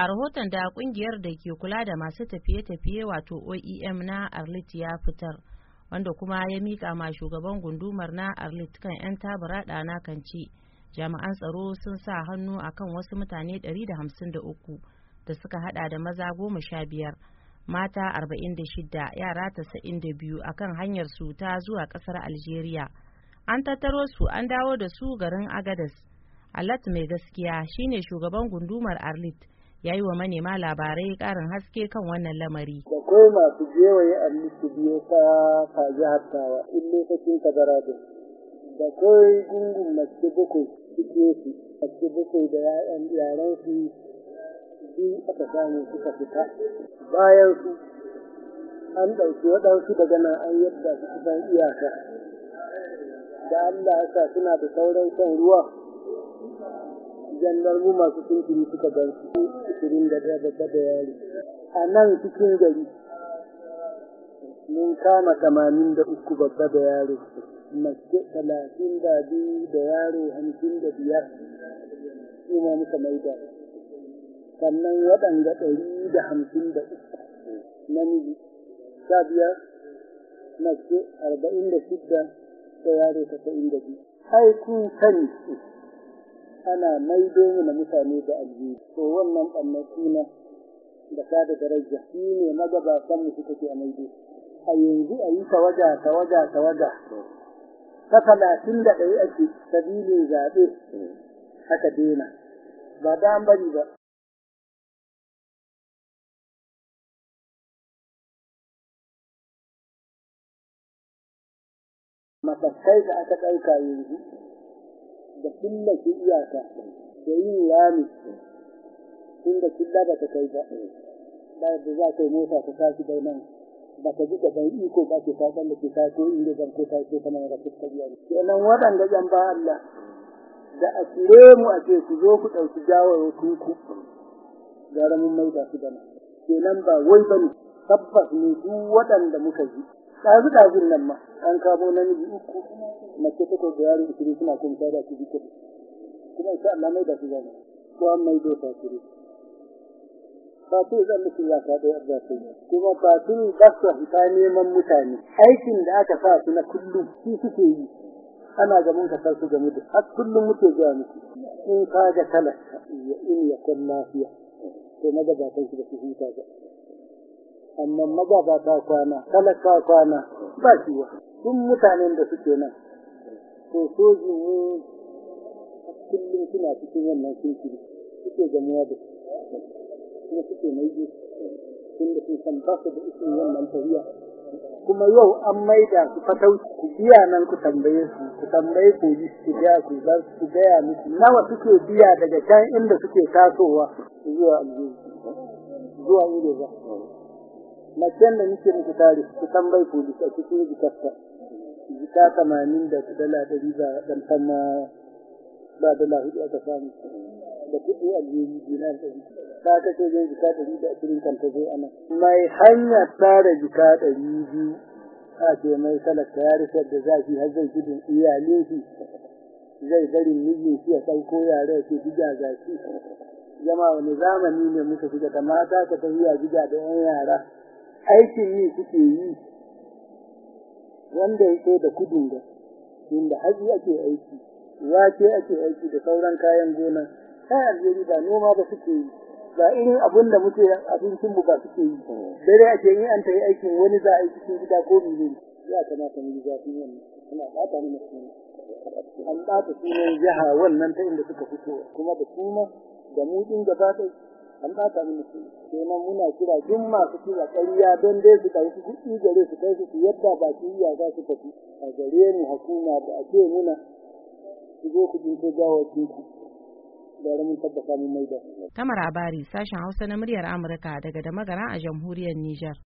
a rahoton da kungiyar da ke kula da masu tafiye-tafiye wato oem na arlit ya fitar wanda kuma ya mika ma shugaban gundumar na arlit kan 'yan tabura ɗana kan ci jami'an tsaro sun sa hannu a kan wasu mutane 153 da suka hada da maza goma sha biyar mata 46 yara 92 akan hanyar su ta zuwa kasar algeria an tattaro su an dawo da su garin agadas alat mai gaskiya shine shugaban gundumar arlit ya yi wa manema labarai karin haske kan wannan lamari. Da kai masu yi a biyo ta kaji hattawa in lokacin kadara da da kai gungun mace bakwai suke su mace bakwai da yaran su su aka samu suka fita bayan su an ɗauki waɗansu daga nan an yadda su kusan iyaka da Allah ya sa suna da sauran kan ruwa mu masu tuntuni suka gan su ishirin da daga babba da yari a nan cikin gari mun kama tamanin da uku babba da yaro mace talatin da biyu da yaro hamsin da biyar ma muka maida sannan waɗanda ɗari da hamsin da uku namiji sha biyar mace arba'in da shidda da yaro tasa'in da biyu ai kun sani ana maido na mutane da aljihu to wannan ɓannan suna da da daraja shi ne magabatan mu suka ke a maido a yanzu a yi tawaga ta tawaga ta talatin da ɗaya ake sabilin zaɓe haka dena ba da bari ba matakai da aka ɗauka yanzu da shi iyaka da yin rami da killa ba ta kai ba ba da za ka yi mota ta tashi bai nan ba ka ji ka bai iko ba ke kaɗan da ke taso inda zan ko taso kamar da fuska biya ne kenan waɗanda yan ba Allah da a kire mu a ce ku zo ku ɗauki jawarwakin ku gara mun da su gana kenan ba wai bane tabbas ne duk waɗanda muka ji ɗazu ɗazun nan ma an kamo namiji uku mace takwas da yaro ishirin suna ta da su jikin kuma insha Allah mai da su zama ko an mai ba ta yi zan mutu ya ka da yarda kuma fasiri ba su ta neman mutane aikin da aka sa su na kullum su suke yi ana gaban ka sarsu game da har kullum muke zuwa miki in ka ga kalar. in ya kun lafiya to na gabatan shi da su huta ga amma ba ta kwana talaka kwana ba shi wa sun mutanen da suke nan to soji ne kullum suna cikin wannan kinkiri suke gamuwa da kuma suke mai yi da sun san ba su da isin wannan tafiya kuma yau an maida su fatauci ku biya nan ku tambaye su ku tambaye police ku biya ku za su gaya miki nawa suke biya daga can inda suke tasowa zuwa zuwa ba macen da nake muku tare ku tambayi ku bisa cikin jikarta jika tamanin da dala ɗari ba ɗan tama ba dala hudu aka samu da kuɗi a jina da ɗari ta kashe zai jika ɗari da ashirin ta zai ana mai hanya tsara jika ɗari biyu a ce mai talaka ya rikar da zafi har zai gudu iyalin shi zai gari miji shi ya ɗauko yare ya ce bija zafi jama'a wani zamani ne muka shiga ta mata ka tafiya jiga da 'yan yara aikin yi suke yi wanda yake da kudin da, inda haji ake aiki wake ake aiki da sauran kayan gona kai aljeri ba noma ba suke yi ba irin abin da muke abincin mu ba suke yi dare ake yi an yi aikin wani za a yi cikin gida ko mene ya kamata mu yi zafin wannan ana bata mana suna an bata sunan jiha wannan ta inda suka fito kuma da kuma da mu din gaba ɗaya an ba ta mun kenan muna kira duk masu kira ƙarya don dai su kai su kuɗi gare su kai su yadda ba su yi za su tafi a gare ni hakuna da ake nuna su zo ku jinko gawakin ku bari mun tabbata mun maida. kamar Abari sashen Hausa na muryar Amurka daga da a jamhuriyar niger.